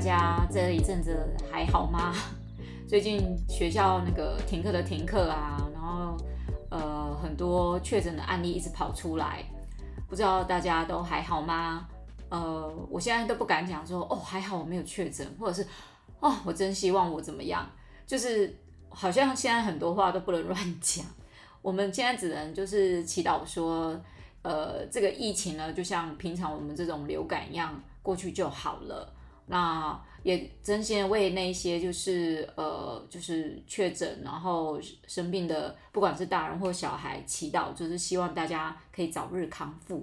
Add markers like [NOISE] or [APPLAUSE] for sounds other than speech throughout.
大家這一陣子還好嗎？最近學校那個停課的停課啊，然後呃很多確診的案例一直跑出來，不知道大家都還好嗎？呃，我現在都不敢講說哦，還好我沒有確診，或者是哦我真希望我怎麼樣，就是好像現在很多話都不能亂講，我們現在只能就是祈禱說，呃這個疫情呢就像平常我們這種流感一樣，過去就好了。那也真心為那些就是呃，就是確診然後生病的，不管是大人或小孩祈禱，就是希望大家可以早日康復。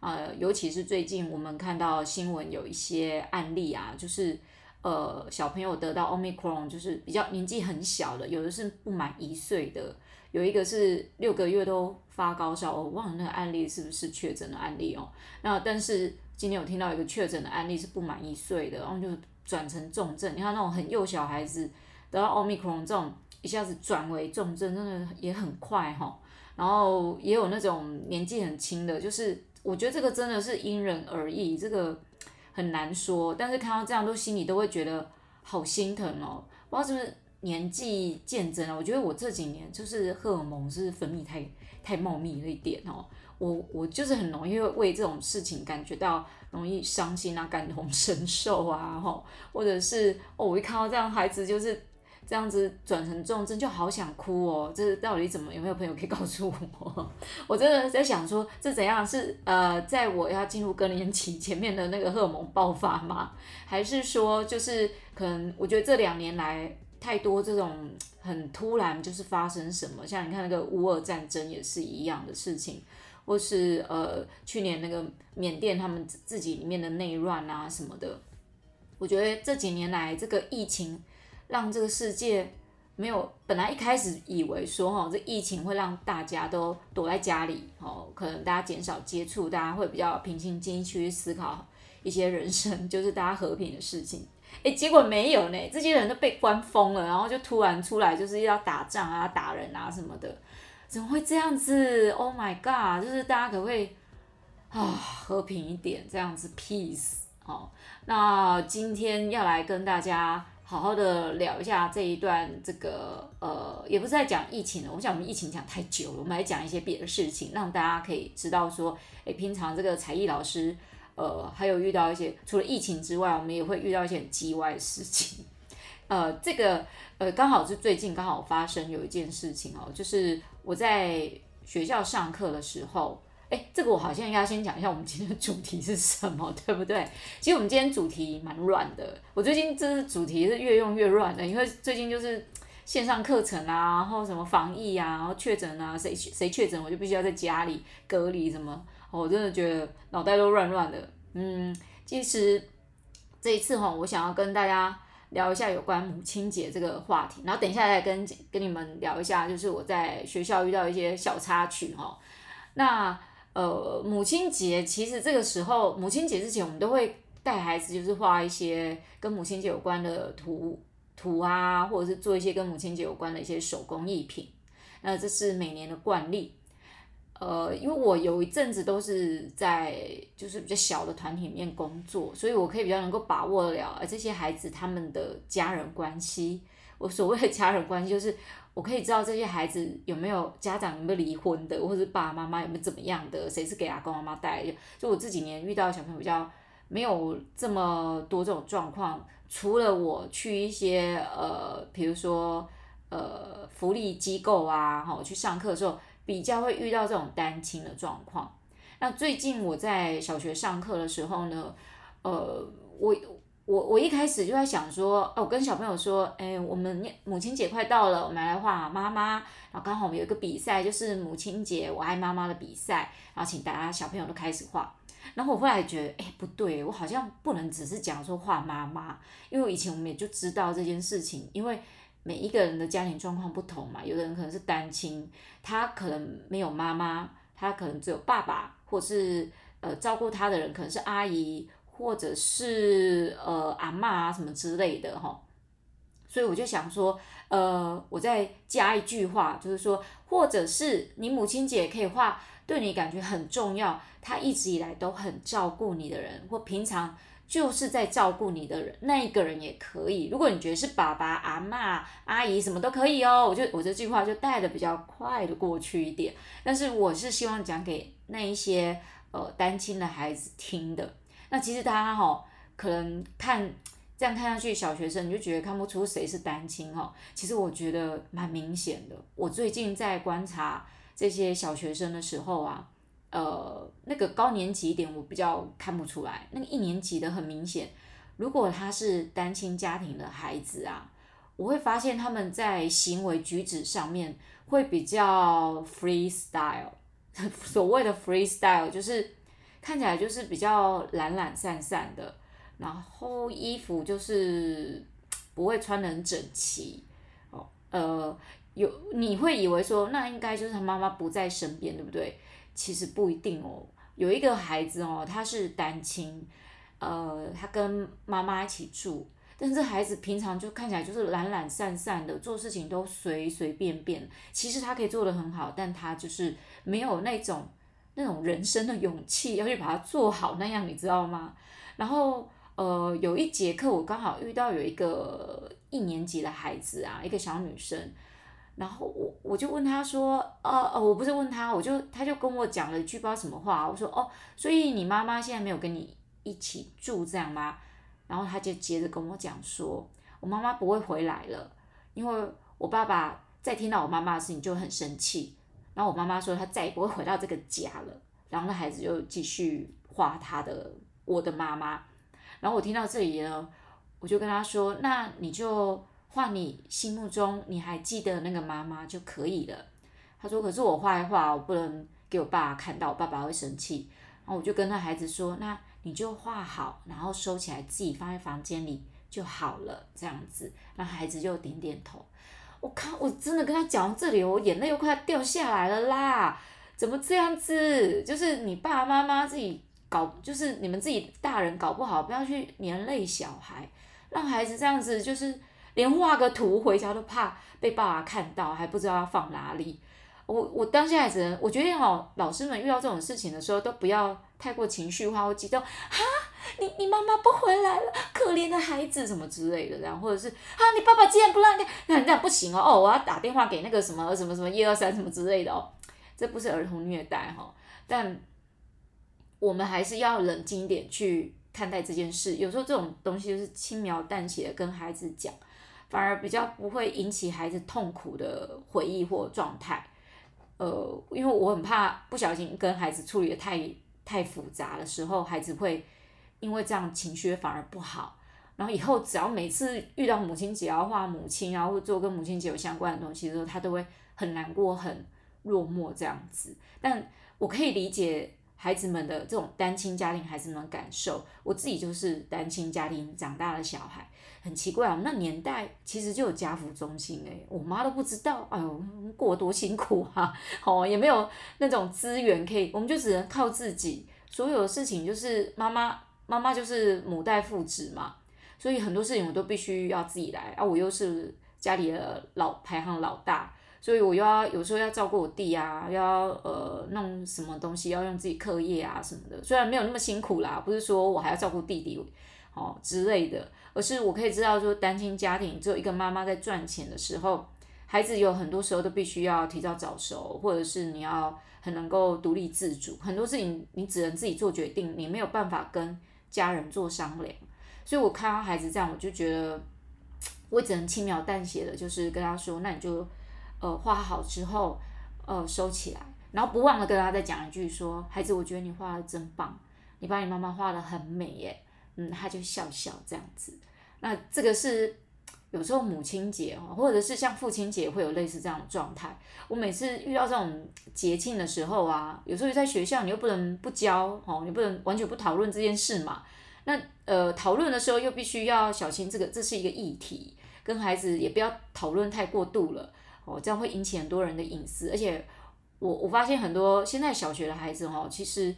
呃，尤其是最近我們看到新聞有一些案例啊，就是呃，小朋友得到 Omicron，就是比較年紀很小的，有的是不滿一歲的，有一個是六個月都發高燒，我忘了那個案例是不是確診的案例哦。那但是。今天有聽到一個確診的案例是不滿一歲的，然後就轉成重症。你看那種很幼小孩子得到奧密克戎這種一下子轉為重症，真的也很快哈哦。然後也有那種年紀很輕的，就是我覺得這個真的是因人而異，這個很難說。但是看到這樣都心裡都會覺得好心疼哦。不知道是不是年紀漸增了，我覺得我這幾年就是荷爾蒙是分泌太太茂密了一點哦。我我就是很容易為這種事情感覺到容易傷心啊，感同身受啊，吼，或者是哦，我一看到這樣孩子就是這樣子轉成重症，就好想哭哦。這是到底怎麼？有沒有朋友可以告訴我？我真的在想說，這怎樣是呃，在我要進入更年期前面的那個荷爾蒙爆發嗎？還是說就是可能我覺得這兩年來太多這種很突然就是發生什麼，像你看那個烏俄戰爭也是一樣的事情。或是呃，去年那個緬甸他們自己裡面的內亂啊什麼的，我覺得這幾年來這個疫情讓這個世界沒有本來一開始以為說哈、哦，這疫情會讓大家都躲在家裡，哦，可能大家減少接觸，大家會比較平心靜氣去思考一些人生，就是大家和平的事情。誒，結果沒有呢，這些人都被關瘋了，然後就突然出來就是要打仗啊、打人啊什麼的。怎麼會這樣子？Oh my god！就是大家可不可以啊和平一點這樣子，peace。好、哦，那今天要來跟大家好好的聊一下這一段這個呃，也不是在講疫情了。我想我們疫情講太久了，我們來講一些別的事情，讓大家可以知道說，哎、欸，平常這個才藝老師呃，還有遇到一些除了疫情之外，我們也會遇到一些很意外的事情。呃，這個呃，剛好是最近剛好發生有一件事情哦、喔，就是我在學校上課的時候，哎、欸，這個我好像應該先講一下我們今天的主題是什麼，對不對？其實我們今天主題蠻亂的，我最近這次主題是越用越亂的，因為最近就是線上課程啊，然後什麼防疫啊，然後確診啊，誰誰確診我就必須要在家裡隔離什麼、喔，我真的覺得腦袋都亂亂的。嗯，其實這一次哈、喔，我想要跟大家。聊一下有關母親節這個話題，然後等一下再跟跟你們聊一下，就是我在學校遇到一些小插曲哈、喔。那呃，母親節其實這個時候，母親節之前我們都會帶孩子，就是畫一些跟母親節有關的圖圖啊，或者是做一些跟母親節有關的一些手工藝品。那這是每年的慣例。呃，因為我有一陣子都是在就是比較小的團體裡面工作，所以我可以比較能夠把握得了而這些孩子他們的家人關係。我所謂的家人關係，就是我可以知道這些孩子有沒有家長有沒有離婚的，或者爸爸媽媽有沒有怎麼樣的，誰是給阿公阿嬤帶的。就我這幾年遇到小朋友比較沒有這麼多這種狀況，除了我去一些呃，比如說呃福利機構啊，我去上課的時候。比較會遇到這種單親的狀況。那最近我在小學上課的時候呢，呃，我我我一開始就在想說，哦、啊，我跟小朋友說，哎、欸，我們母親節快到了，我們來畫媽媽。然後剛好我們有一個比賽，就是母親節我愛媽媽的比賽。然後請大家小朋友都開始畫。然後我後來覺得，哎、欸，不對，我好像不能只是講說畫媽媽，因為以前我們也就知道這件事情，因為。每一個人的家庭狀況不同嘛，有的人可能是單親，他可能沒有媽媽，他可能只有爸爸，或是呃照顧他的人，可能是阿姨，或者是呃阿嬤啊什麼之類的哈。所以我就想說，呃，我再加一句話，就是說，或者是你母親節可以畫對你感覺很重要，他一直以來都很照顧你的人，或平常。就是在照顧你的人，那一個人也可以。如果你覺得是爸爸、阿嬤、阿姨，什麼都可以哦。我就我這句話就帶得比較快的過去一點，但是我是希望講給那一些呃單親的孩子聽的。那其實大家哈，可能看這樣看上去小學生，你就覺得看不出誰是單親哈、哦。其實我覺得蠻明顯的。我最近在觀察這些小學生的時候啊。呃，那個高年級一點，我比較看不出來。那個一年級的很明顯，如果他是單親家庭的孩子啊，我會發現他們在行為舉止上面會比較 free style。所謂的 free style 就是看起來就是比較懶懶散散的，然後衣服就是不會穿得很整齊。哦，呃，有，你會以為說那應該就是他媽媽不在身邊，對不對？其實不一定哦，有一個孩子哦，他是單親，呃，他跟媽媽一起住，但是這孩子平常就看起來就是懶懶散散的，做事情都隨隨便便，其實他可以做得很好，但他就是沒有那種那種人生的勇氣要去把它做好那樣，你知道嗎？然後呃，有一節課我剛好遇到有一個一年級的孩子啊，一個小女生。然後我我就問他說，呃、哦、呃，我不是問他，我就他就跟我講了一句不知道什麼話，我說哦，所以你媽媽現在沒有跟你一起住這樣嗎？然後他就接着跟我講說，我媽媽不會回來了，因為我爸爸在聽到我媽媽的事情就很生氣，然後我媽媽說她再也不會回到這個家了，然後那孩子就繼續畫他的我的媽媽，然後我聽到這裡呢，我就跟他說，那你就。畫你心目中，你還記得那個媽媽就可以了。他說：“可是我畫的畫，我不能給我爸看到，我爸爸會生氣。”然後我就跟那孩子說：“那你就畫好，然後收起來，自己放在房間裡就好了。”這樣子，那孩子就點點頭。我靠！我真的跟他講到這裡，我眼淚又快掉下來了啦！怎麼這樣子？就是你爸爸媽媽自己搞，就是你們自己大人搞不好，不要去連累小孩，讓孩子這樣子就是。連畫個圖回家都怕被爸爸看到，還不知道要放哪裡。我我當下只能，我覺得哦，老師們遇到這種事情的時候，都不要太過情緒化或激動。哈，你你媽媽不回來了，可憐的孩子什麼之類的，然後或者是啊，你爸爸既然不讓你，那那不行哦，哦，我要打電話給那個什麼什麼什麼一二三什麼之類的哦。這不是兒童虐待哈，但我們還是要冷靜點去看待這件事。有時候這種東西就是輕描淡寫的跟孩子講。反而比較不會引起孩子痛苦的回憶或狀態，呃，因為我很怕不小心跟孩子處理得太太複雜的時候，孩子會因為這樣情緒反而不好。然後以後只要每次遇到母親節要畫母親啊，或者做跟母親節有相關的東西的時候，他都會很難過、很落寞這樣子。但我可以理解。孩子們的這種單親家庭，孩子們的感受，我自己就是單親家庭長大的小孩，很奇怪啊。那年代其實就有家扶中心哎、欸，我媽都不知道，哎呦，過多辛苦啊，好、哦，也沒有那種資源可以，我們就只能靠自己。所有的事情就是媽媽，媽媽就是母帶父職嘛，所以很多事情我都必須要自己來啊。我又是家裡的老排行老大，所以我要有時候要照顧我弟啊，要呃弄什麼東西要用自己課業啊什麼的，雖然沒有那麼辛苦啦，不是說我還要照顧弟弟哦之類的，而是我可以知道說單親家庭只有一個媽媽在賺錢的時候，孩子有很多時候都必須要提早早熟，或者是你要很能夠獨立自主，很多事情你，你只能自己做決定，你沒有辦法跟家人做商量。所以我看到孩子這樣，我就覺得我只能輕描淡寫的，就是跟他說：“那你就。”呃，畫好之後，呃，收起來，然後不忘了跟大家再講一句說，說孩子，我覺得你畫的真棒，你把你媽媽畫的很美耶、欸，嗯，他就笑笑這樣子。那這個是有時候母親節哦，或者是像父親節會有類似這樣的狀態。我每次遇到這種節慶的時候啊，有時候在學校你又不能不教哦，你不能完全不討論這件事嘛。那呃，討論的時候又必須要小心這個，這是一個議題，跟孩子也不要討論太過度了。哦，這樣會引起很多人的隱私，而且我我發現很多現在小學的孩子哦，其實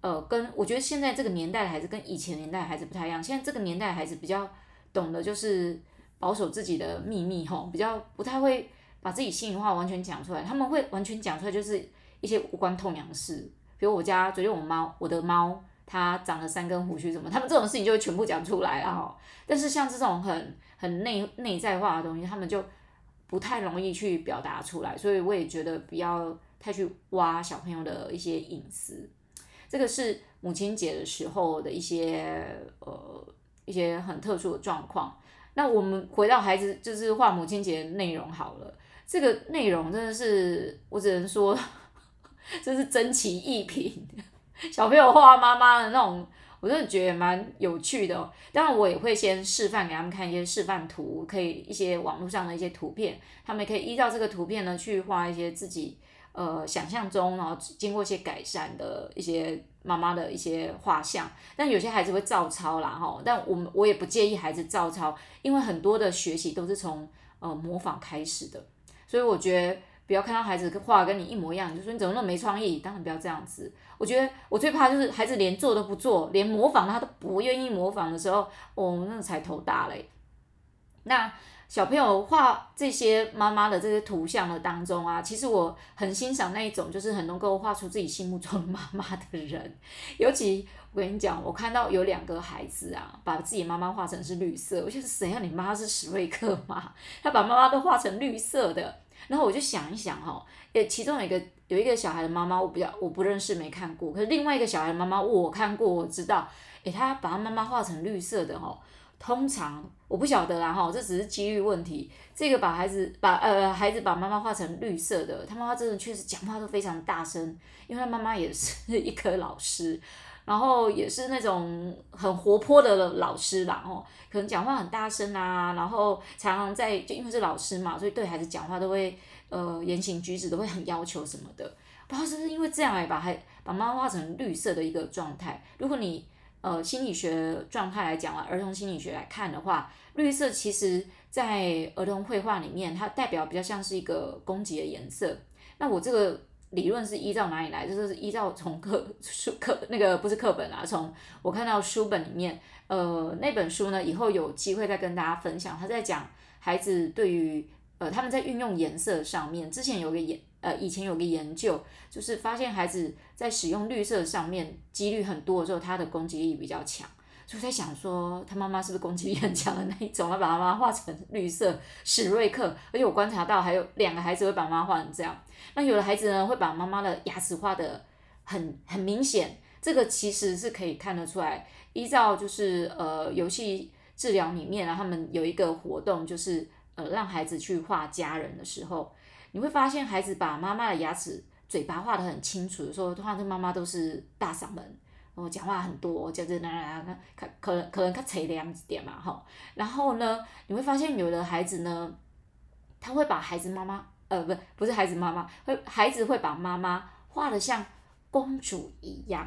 呃，跟我覺得現在這個年代的孩子跟以前年代的孩子不太一樣，現在這個年代的孩子比較懂得就是保守自己的秘密吼，比較不太會把自己心裡話完全講出來，他們會完全講出來就是一些無關痛癢的事，比如我家昨天我貓，我的貓它長了三根鬍鬚什麼，他們這種事情就會全部講出來啊，但是像這種很很內內在化的東西，他們就。不太容易去表達出來，所以我也覺得不要太去挖小朋友的一些隱私。這個是母親節的時候的一些呃一些很特殊的狀況。那我們回到孩子就是畫母親節內容好了，這個內容真的是我只能說，真是珍奇異品。小朋友畫媽媽的那種。我真的覺得蠻有趣的，當然我也會先示範給他們看一些示範圖，可以一些網絡上的一些圖片，他們可以依照這個圖片呢去畫一些自己呃想象中，然後經過一些改善的一些媽媽的一些畫像。但有些孩子會照抄啦哈，但我們我也不介意孩子照抄，因為很多的學習都是從呃模仿開始的，所以我覺得。不要看到孩子畫得跟你一模一樣，就說你怎麼那麼沒創意？當然不要這樣子。我覺得我最怕就是孩子連做都不做，連模仿他都不願意模仿的時候，我、哦、那個、才頭大嘞。那小朋友畫這些媽媽的這些圖像的當中啊，其實我很欣賞那一種，就是很能夠畫出自己心目中的媽媽的人。尤其我跟你講，我看到有兩個孩子啊，把自己的媽媽畫成是綠色，我想誰呀、啊？你媽是史瑞克嗎？他把媽媽都畫成綠色的。然後我就想一想哈，誒，其中有一個有一個小孩的媽媽，我不曉得，我不認識，沒看過；可是另外一個小孩的媽媽，我看過，我知道，誒，他把他媽媽畫成綠色的哦。通常我不曉得啦哈，這只是幾率問題。這個把孩子把呃孩子把媽媽畫成綠色的，他媽媽真的確實講話都非常大聲，因為他媽媽也是一個老師。然後也是那種很活潑的老師啦，哦，可能講話很大聲啊，然後常常在，就因為是老師嘛，所以對孩子講話都會呃言行舉止都會很要求什麼的。不知道是不是因為這樣來把孩把媽媽畫成綠色的一個狀態。如果你呃心理學狀態來講啊，兒童心理學來看的話，綠色其實在兒童繪畫裡面它代表比較像是一個攻擊的顏色。那我這個。理論是依照哪裡來？就是依照從課書課那個不是課本啊，從我看到書本裡面，呃，那本書呢，以後有機會再跟大家分享。他在講孩子對於呃他們在運用顏色上面，之前有個研呃以前有個研究，就是發現孩子在使用綠色上面幾率很多的時候，他的攻擊力比較強。所以我在想說，他媽媽是不是攻擊力很強的那一種？他把媽媽畫成綠色史瑞克，而且我觀察到還有兩個孩子會把媽畫成這樣。那有的孩子呢，會把媽媽的牙齒畫得很很明顯，這個其實是可以看得出來。依照就是呃遊戲治療裡面，然後他們有一個活動，就是呃讓孩子去畫家人的時候，你會發現孩子把媽媽的牙齒、嘴巴畫得很清楚，說他的媽媽都是大嗓門，然後、哦、講話很多，叫這那那那，可能可能可能他嘴的樣子點嘛哈。然後呢，你會發現有的孩子呢，他會把孩子媽媽。呃，不，不是孩子，媽媽會孩子會把媽媽畫得像公主一樣。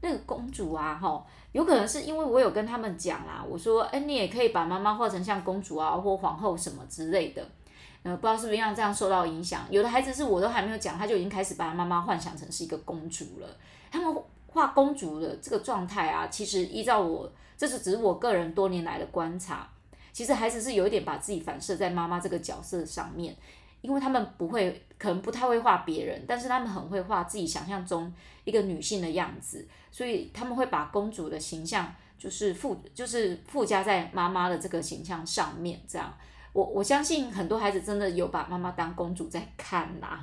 那個公主啊，吼，有可能是因為我有跟他們講啦，啊，我說，哎，你也可以把媽媽畫成像公主啊，或皇后什麼之類的。呃，不知道是不是一樣這樣受到影響。有的孩子是我都還沒有講，他就已經開始把媽媽幻想成是一個公主了。他們畫公主的這個狀態啊，其實依照我，這是只是我個人多年來的觀察，其實孩子是有一點把自己反射在媽媽這個角色上面。因為他們不會，可能不太會畫別人，但是他們很會畫自己想象中一個女性的樣子，所以他們會把公主的形象就是附，就是附加在媽媽的這個形象上面。這樣，我我相信很多孩子真的有把媽媽當公主在看吶、啊。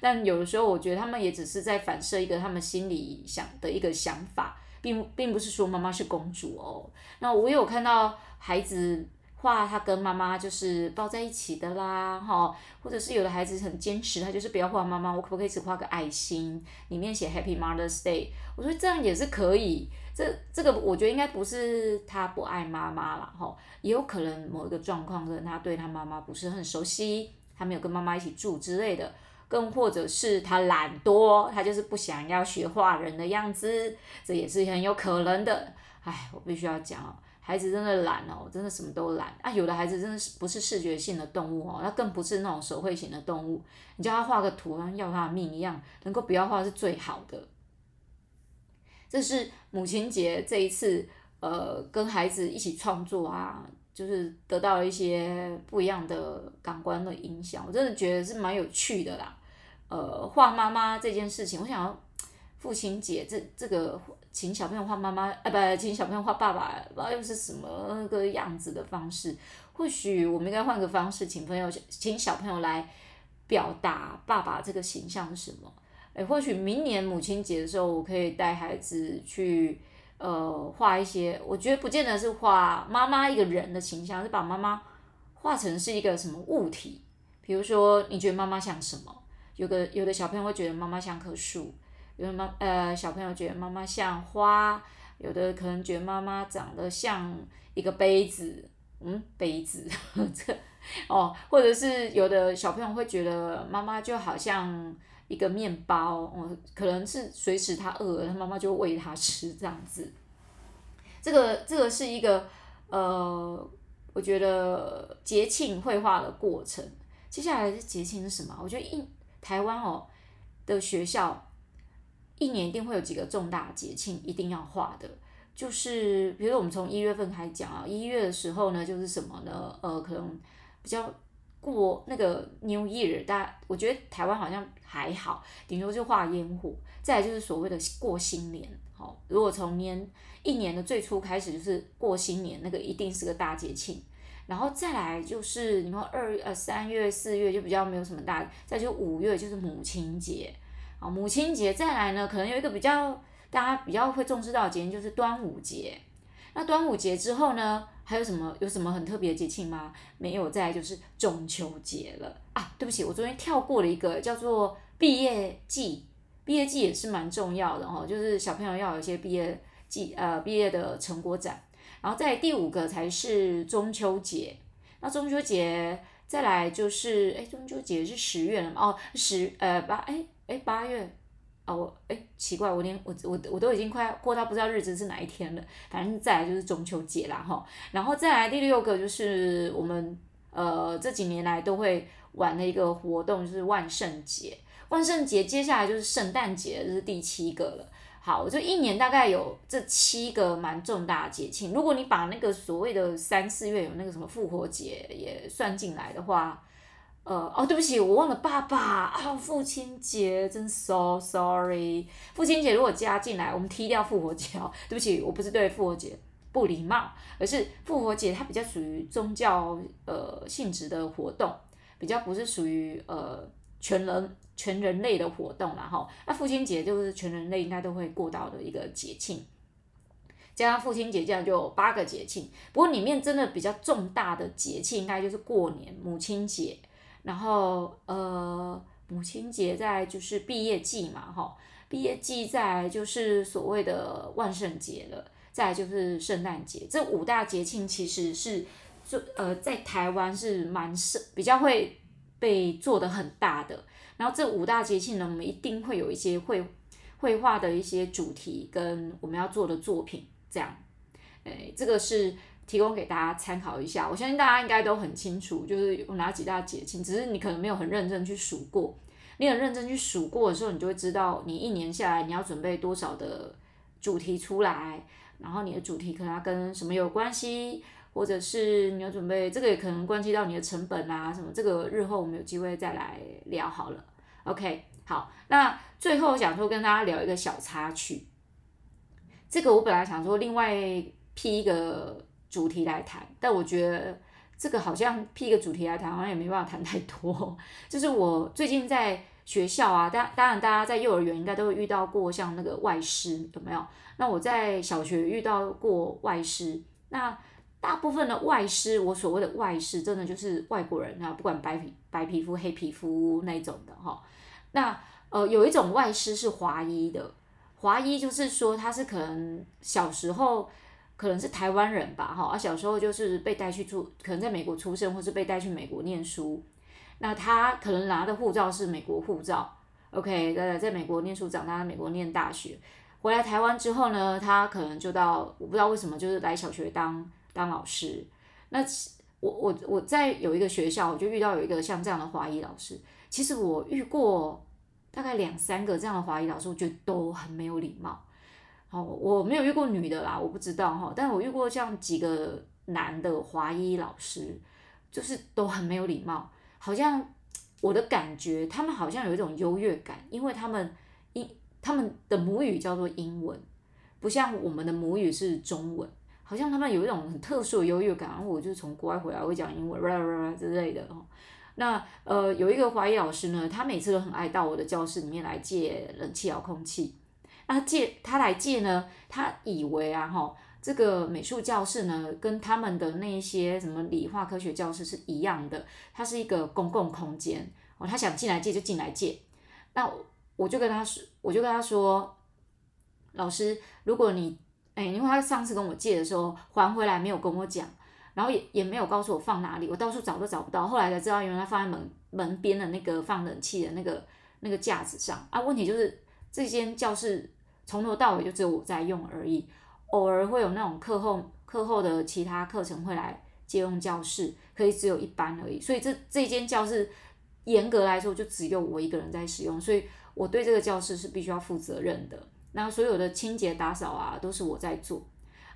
但有的時候，我覺得他們也只是在反射一個他們心裡想的一個想法，并並不是說媽媽是公主哦。那我也有看到孩子。畫他跟媽媽就是抱在一起的啦，哈，或者是有的孩子很堅持，他就是不要畫媽媽，我可不可以只畫個愛心，裡面寫 Happy Mother's Day？我說這樣也是可以，這這個我覺得應該不是他不愛媽媽啦。哈，也有可能某一個狀況可能他對他媽媽不是很熟悉，他沒有跟媽媽一起住之類的，更或者是他懶惰，他就是不想要學畫人的樣子，這也是很有可能的。哎，我必須要講哦。孩子真的懶哦，真的什麼都懶。啊，有的孩子真的是不是視覺性的動物哦，他更不是那種手繪型的動物。你叫他畫個圖，像要他的命一樣，能夠不要畫是最好的。這是母親節這一次，呃，跟孩子一起創作啊，就是得到了一些不一樣的感官的影響。我真的覺得是蠻有趣的啦。呃，畫媽媽這件事情，我想要。父親節這這個請小朋友畫媽媽，啊，不，請小朋友畫爸爸，不知道又是什麼個樣子的方式。或許我們應該換個方式，請朋友請小朋友來表達爸爸這個形象是什麼？哎，或許明年母親節的時候，我可以帶孩子去，呃，畫一些。我覺得不見得是畫媽媽一個人的形象，是把媽媽畫成是一個什麼物體？比如說，你覺得媽媽像什麼？有的有的小朋友會覺得媽媽像棵樹。有的媽呃小朋友覺得媽媽像花，有的可能覺得媽媽長得像一個杯子，嗯杯子，這， [LAUGHS] 哦，或者是有的小朋友會覺得媽媽就好像一個麵包，嗯，可能是隨時他餓了，他媽媽就餵他吃這樣子。這個這個是一個呃，我覺得節慶繪畫的過程。接下來的節慶是什麼？我覺得一台灣哦的學校。一年一定會有幾個重大節慶，一定要畫的，就是比如說我們從一月份開始講啊，一月的時候呢，就是什麼呢？呃，可能比較過那個 New Year，大家我覺得台灣好像還好，頂多就畫煙火。再來就是所謂的過新年，好，如果從年一年的最初開始就是過新年，那個一定是個大節慶。然後再來就是你們說二、呃三月、四月就比較沒有什麼大，再來就五月就是母親節。好，母親節再來呢，可能有一個比較大家比較會重視到的節日就是端午節。那端午節之後呢，還有什麼有什麼很特別的節慶嗎？沒有，再來就是中秋節了啊。對不起，我昨天跳過了一個叫做畢業季，畢業季也是蠻重要的哦，就是小朋友要有一些畢業季呃畢業的成果展。然後在第五個才是中秋節。那中秋節再來就是哎，中秋節是十月了嘛？哦，十呃八哎。誒，八月，哦。我誒，奇怪，我連我我我都已經快要過到不知道日子是哪一天了。反正再來就是中秋節啦，吼，然後再來第六個就是我們呃這幾年來都會玩的一個活動，就是萬聖節。萬聖節接下來就是聖誕節，這，就是第七個了。好，我就一年大概有這七個蠻重大節慶。如果你把那個所謂的三四月有那個什麼復活節也算進來的話。呃哦，對不起，我忘了爸爸啊、哦，父親節真 so sorry。父親節如果加進來，我們踢掉復活節哦。對不起，我不是對復活節不禮貌，而是復活節它比較屬於宗教呃性質的活動，比較不是屬於呃全人全人類的活動，然後、哦、那父親節就是全人類應該都會過到的一個節慶。加上父親節，這樣就有八個節慶。不過裡面真的比較重大的節慶，應該就是過年、母親節。然後，呃，母親節在就是畢業季嘛，哈，畢業季在就是所謂的萬聖節了，再就是聖誕節，這五大節慶其實是做呃在台灣是蠻是比較會被做得很大的。然後這五大節慶呢，我們一定會有一些繪繪畫的一些主題跟我們要做的作品這樣，哎，這個是。提供給大家參考一下，我相信大家應該都很清楚，就是有哪幾大節慶，只是你可能沒有很認真去數過。你很認真去數過的時候，你就會知道你一年下來你要準備多少的主題出來，然後你的主題可能跟什麼有關係，或者是你要準備這個也可能關係到你的成本啊什麼。這個日後我們有機會再來聊好了。OK，好，那最後想說跟大家聊一個小插曲，這個我本來想說另外批一個。主題來談，但我覺得這個好像 pick 個主題來談，好像也沒辦法談太多。就是我最近在學校啊，大，當然大家在幼兒園應該都會遇到過像那個外師有沒有？那我在小學遇到過外師，那大部分的外師，我所謂的外師，真的就是外國人啊，不管白皮白皮膚、黑皮膚那種的哈。那呃，有一種外師是華裔的，華裔就是說他是可能小時候。可能是台灣人吧，哈，小時候就是被帶去住，可能在美國出生，或是被帶去美國念書。那他可能拿的護照是美國護照，OK，在在美國念書、長大，在美國念大學，回來台灣之後呢，他可能就到，我不知道為什麼，就是來小學當當老師。那我我我在有一個學校，我就遇到有一個像這樣的華裔老師。其實我遇過大概兩三個這樣的華裔老師，我覺得都很沒有禮貌。哦，我沒有遇過女的啦，我不知道哈。但我遇過這樣幾個男的華裔老師，就是都很沒有禮貌。好像我的感覺，他們好像有一種優越感，因為他們英他們的母語叫做英文，不像我們的母語是中文，好像他們有一種很特殊的優越感。然後我就從國外回來會講英文啦啦啦啦之類的。那呃，有一個華裔老師呢，他每次都很愛到我的教室裡面來借冷氣遙控器。他、啊、借他來借呢，他以為啊這個美術教室呢，跟他們的那些什麼理化科學教室是一樣的，它是一個公共空間哦，他想進來借就進來借。那我就跟他說，我就跟他說，老師，如果你哎、欸，因為他上次跟我借的時候還回來沒有跟我講，然後也也沒有告訴我放哪裡，我到處找都找不到，後來才知道原來他放在門門邊的那個放冷氣的那個那個架子上。啊，問題就是這間教室，從頭到尾就只有我在用而已，偶爾會有那種課後課後的其他課程會來借用教室，可以只有一班而已。所以這這間教室嚴格來說就只有我一個人在使用，所以我對這個教室是必須要負責任的。那所有的清潔打掃啊都是我在做，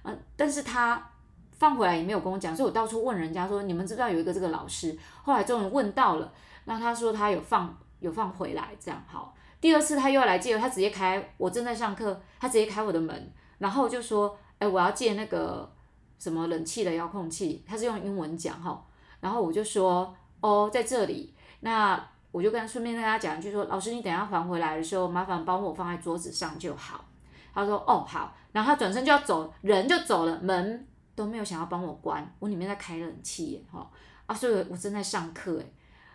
嗯，但是他放回來也沒有跟我講，所以我到處問人家說，你們知不知道有一個這個老師，後來終於問到了，那他說他有放有放回來，這樣好。第二次他又來借，他直接開我正在上課，他直接開我的門，然後就說：“哎、欸，我要借那個什麼冷氣的遙控器。”他是用英文講哈，然後我就說：“哦，在這裡。”那我就跟他順便跟他講一句說：“老師，你等下還回來的時候，麻煩幫我放在桌子上就好。”他說：“哦，好。”然後他轉身就要走，人就走了，門都沒有想要幫我關，我裡面在開冷氣，哈啊，所以我正在上課哎，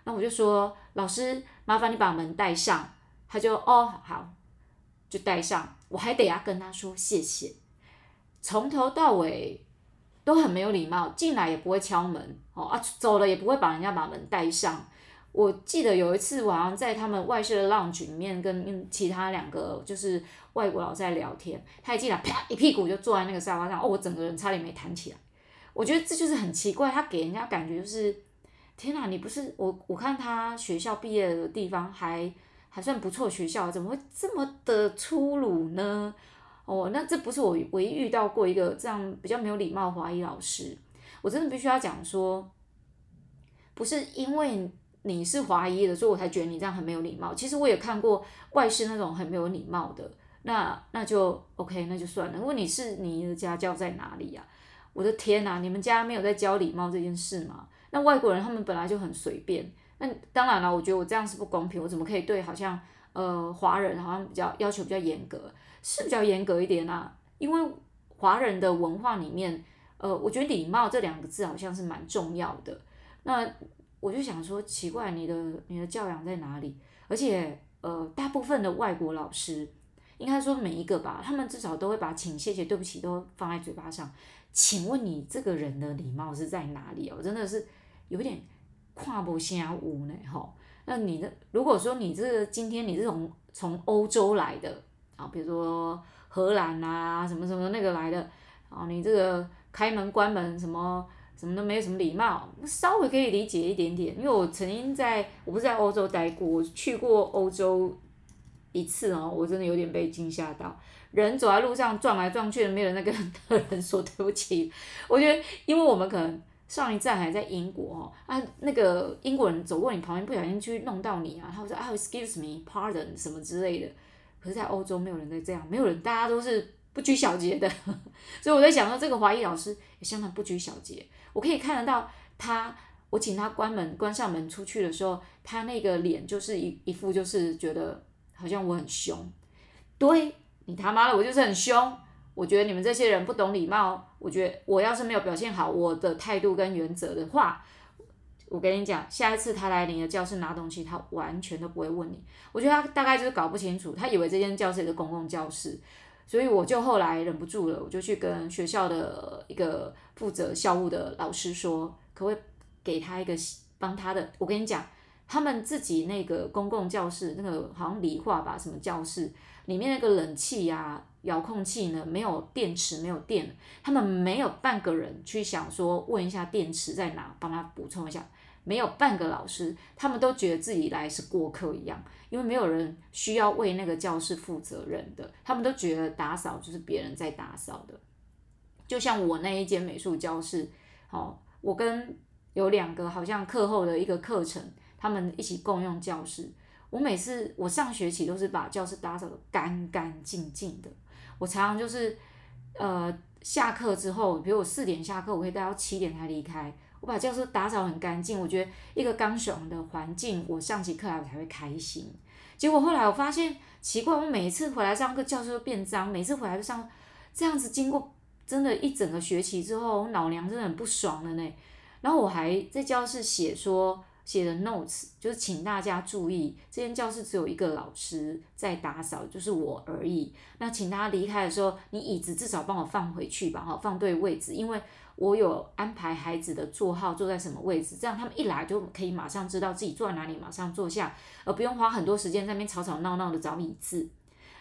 那我就說：“老師，麻煩你把門帶上。”他就哦，好，就帶上，我還得要跟他說謝謝，從頭到尾都很沒有禮貌，進來也不會敲門，哦啊，走了也不會把人家把門帶上。我記得有一次晚上在他們外設的浪 o 裡面跟其他兩個就是外國佬在聊天，他一進來啪一屁股就坐在那個沙發上，哦，我整個人差點沒彈起來。我覺得這就是很奇怪，他給人家感覺就是，天哪、啊，你不是我？我看他學校畢業的地方還。還算不錯學校，怎麼會這麼的粗魯呢？哦，那這不是我唯一遇到過一個這樣比較沒有禮貌華裔老師。我真的必須要講說，不是因為你是華裔的，所以我才覺得你這樣很沒有禮貌。其實我也看過怪事那種很沒有禮貌的，那那就 OK，那就算了。如果你是你的家教在哪裡呀？啊？我的天哪、啊，你們家沒有在教禮貌這件事嗎？那外國人他們本來就很隨便。那當然了，啊，我覺得我這樣是不公平。我怎麼可以對好像呃華人好像比較要求比較嚴格，是比較嚴格一點吶，啊？因為華人的文化裡面，呃，我覺得禮貌這兩個字好像是蠻重要的。那我就想說，奇怪，你的你的教養在哪裡？而且呃，大部分的外國老師，應該說每一個吧，他們至少都會把請、謝謝、對不起都放在嘴巴上。請問你這個人的禮貌是在哪裡哦？我真的是有點。看不下屋呢，吼，那你的如果說你這今天你是從從歐洲來的啊，比如說荷蘭啊什麼什麼那個來的，啊，你這個開門關門什麼什麼都沒有什麼禮貌，稍微可以理解一點點，因為我曾經在我不是在歐洲待過，我去過歐洲一次哦、喔，我真的有點被驚嚇到，人走在路上撞來撞去的，沒有那個人說對不起，我覺得因為我們可能。上一站還在英國哦，啊，那個英國人走過你旁邊不小心去弄到你啊，他會說啊，excuse me，pardon 什麼之類的。可是，在歐洲沒有人在這樣，沒有人，大家都是不拘小節的。 [LAUGHS] 所以我在想說這個華裔老師也相當不拘小節。我可以看得到他，我請他關門，關上門出去的時候，他那個臉就是一一副就是覺得好像我很凶，對，你他媽的，我就是很凶。我覺得你們這些人不懂禮貌。我覺得我要是沒有表現好我的態度跟原則的話，我跟你講，下一次他來你的教室拿東西，他完全都不會問你。我覺得他大概就是搞不清楚，他以為這間教室是公共教室，所以我就後來忍不住了，我就去跟學校的一個負責校務的老師說，可不可以給他一個幫他的？我跟你講，他們自己那個公共教室，那個好像理化吧，什麼教室裡面那個冷氣呀，啊。遙控器呢？沒有電池，沒有電。他們沒有半個人去想說問一下電池在哪，幫他補充一下。沒有半個老師，他們都覺得自己來是過客一樣，因為沒有人需要為那個教室負責任的。他們都覺得打掃就是別人在打掃的。就像我那一間美術教室，哦，我跟有兩個好像課後的一個課程，他們一起共用教室。我每次我上學期都是把教室打掃得乾乾淨淨的。我常常就是，呃，下課之後，比如我四點下課，我可以待到七點才離開。我把教室打掃很乾淨，我覺得一個乾爽的環境，我上起課來我才會開心。結果後來我發現奇怪，我每一次回來上課，教室都變髒；每次回來上，都回來上這樣子，經過真的，一整個學期之後，我老娘真的很不爽了呢。然後我還在教室寫說。寫的 notes 就是請大家注意，這間教室只有一個老師在打掃，就是我而已。那請大家離開的時候，你椅子至少幫我放回去吧，哈，放對位置，因為我有安排孩子的座號，坐在什麼位置，這樣他們一來就可以馬上知道自己坐在哪裡，馬上坐下，而不用花很多時間在那邊吵吵鬧鬧的找椅子。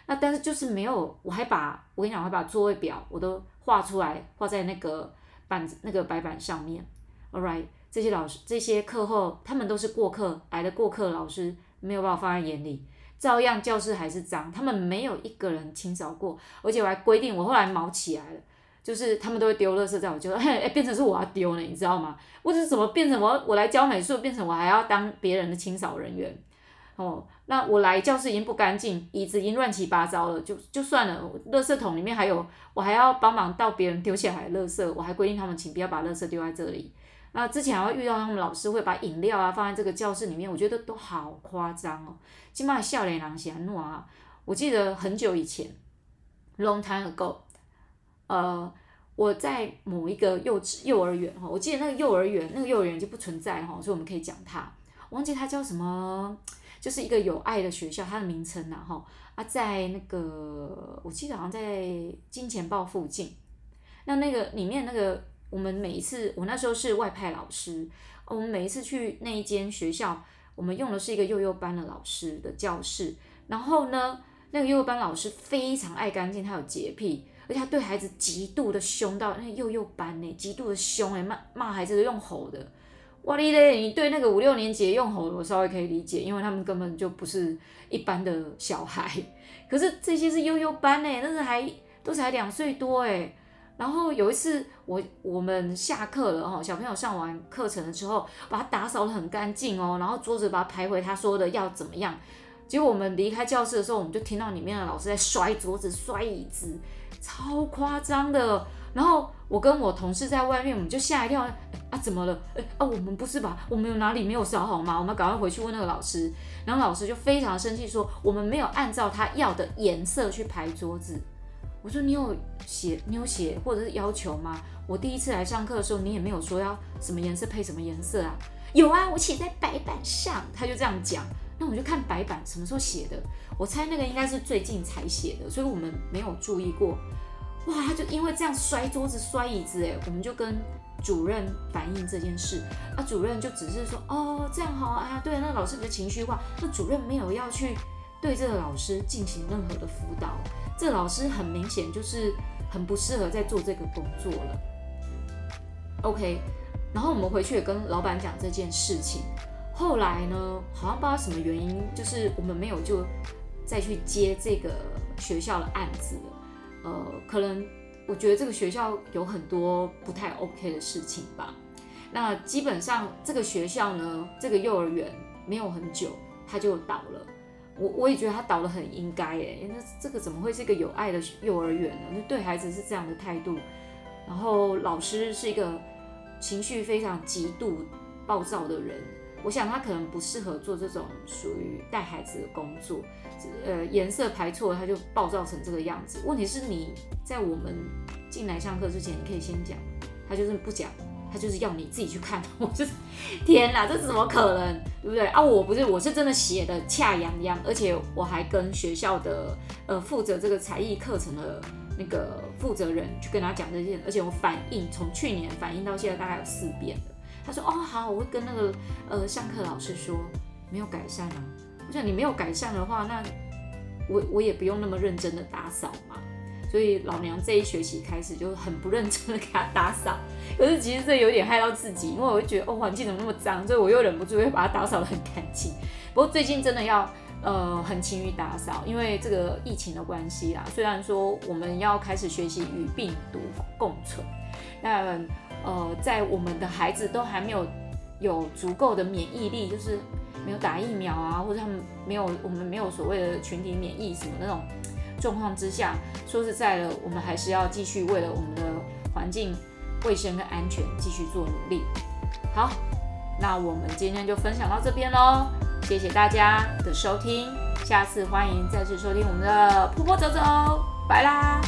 那但是就是沒有，我還把我跟你講，我還把座位表我都畫出來，畫在那個板子，那個白板上面。Alright，這些老師，這些課後，他們都是過客來的過客。老師沒有把我放在眼裡，照樣教室還是髒。他們沒有一個人清掃過，而且我還規定，我後來毛起來了，就是他們都會丟垃圾在我就嘿、欸，變成是我要丟了，你知道嗎？我是怎麼變成我我來教美術，變成我還要當別人的清掃人員？哦，那我來教室已經不乾淨，椅子已經亂七八糟了，就就算了，垃圾桶裡面還有，我還要幫忙到別人丟起來的垃圾，我還規定他們請不要把垃圾丟在這裡。啊，之前還會遇到他們老師會把飲料啊放在這個教室裡面，我覺得都好誇張哦，起碼笑臉朗笑，很暖啊。我記得很久以前，long time ago，呃，我在某一個幼稚幼兒園哈，我記得那個幼兒園那個幼兒園就不存在哈，所以我們可以講它，我忘記它叫什麼，就是一個有愛的學校，它的名稱呢哈啊，啊在那個我記得好像在金錢豹附近，那那個裡面那個。我們每一次，我那時候是外派老師，我們每一次去那一間學校，我們用的是一個幼幼班的老師的教室。然後呢，那個幼幼班老師非常愛乾淨，他有潔癖，而且他對孩子極度的凶到那個、幼幼班呢、欸，極度的凶哎、欸，罵罵孩子都用吼的。哇哩嘞，你對那個五六年級用吼，我稍微可以理解，因為他們根本就不是一般的小孩。可是這些是幼幼班哎、欸，那時候還都才兩歲多哎、欸。然後有一次，我我們下課了哈，小朋友上完課程的時候，把他打掃得很乾淨哦，然後桌子把他排回他說的要怎麼樣，結果我們離開教室的時候，我們就聽到裡面的老師在摔桌子、摔椅子，超誇張的。然後我跟我同事在外面，我們就嚇一跳，啊怎麼了？誒啊我們不是吧？我們有哪裡沒有掃好嗎？我們趕快回去問那個老師。然後老師就非常生氣說，我們沒有按照他要的顏色去排桌子。我說你有寫，你有寫或者是要求嗎？我第一次來上課的時候，你也沒有說要什麼顏色配什麼顏色啊。有啊，我寫在白板上。他就這樣講，那我們就看白板什麼時候寫的。我猜那個應該是最近才寫的，所以我們沒有注意過。哇，他就因為這樣摔桌子摔椅子。誒，我們就跟主任反映這件事。啊，主任就只是說哦這樣好啊，啊，對啊，那老師你的情緒化，那主任沒有要去對這個老師進行任何的輔導，這個老師很明顯就是很不適合再做這個工作了。OK，然後我們回去也跟老闆講這件事情。後來呢，好像不知道什麼原因，就是我們沒有就再去接這個學校的案子。呃，可能我覺得這個學校有很多不太 OK 的事情吧。那基本上這個學校呢，這個幼兒園沒有很久，他就倒了。我我也覺得他倒得很應該誒、欸，那這個怎麼會是一個有愛的幼兒園呢？就對孩子是這樣的態度，然後老師是一個情緒非常極度暴躁的人，我想他可能不適合做這種屬於帶孩子的工作。呃，顏色排錯他就暴躁成這個樣子。問題是你在我們進來上課之前，你可以先講，他就是不講。他就是要你自己去看，我，就是天哪，這是怎麼可能，對不對啊？我不是，我是真的寫的恰洋洋，而且我還跟學校的呃負責這個才藝課程的那個負責人去跟他講這些，而且我反映從去年反映到現在大概有四遍。他說哦，好，我會跟那個呃上課老師說，沒有改善啊。我想你沒有改善的話，那我我也不用那麼認真的打掃嘛。所以老娘這一學期開始就很不認真的給他打掃，可是其實這有點害到自己，因為我會覺得哦環境怎麼那麼髒，所以我又忍不住會把它打掃得很乾淨。不過最近真的要呃很勤於打掃，因為這個疫情的關係啦，雖然說我們要開始學習與病毒共存，那呃在我們的孩子都還沒有有足夠的免疫力，就是沒有打疫苗啊，或者他們沒有我們沒有所謂的群體免疫什麼那種，狀況之下，說實在的，我們還是要繼續為了我們的環境衛生跟安全繼續做努力。好，那我們今天就分享到這邊嘍，謝謝大家的收聽，下次歡迎再次收聽我們的波波走走，拜啦。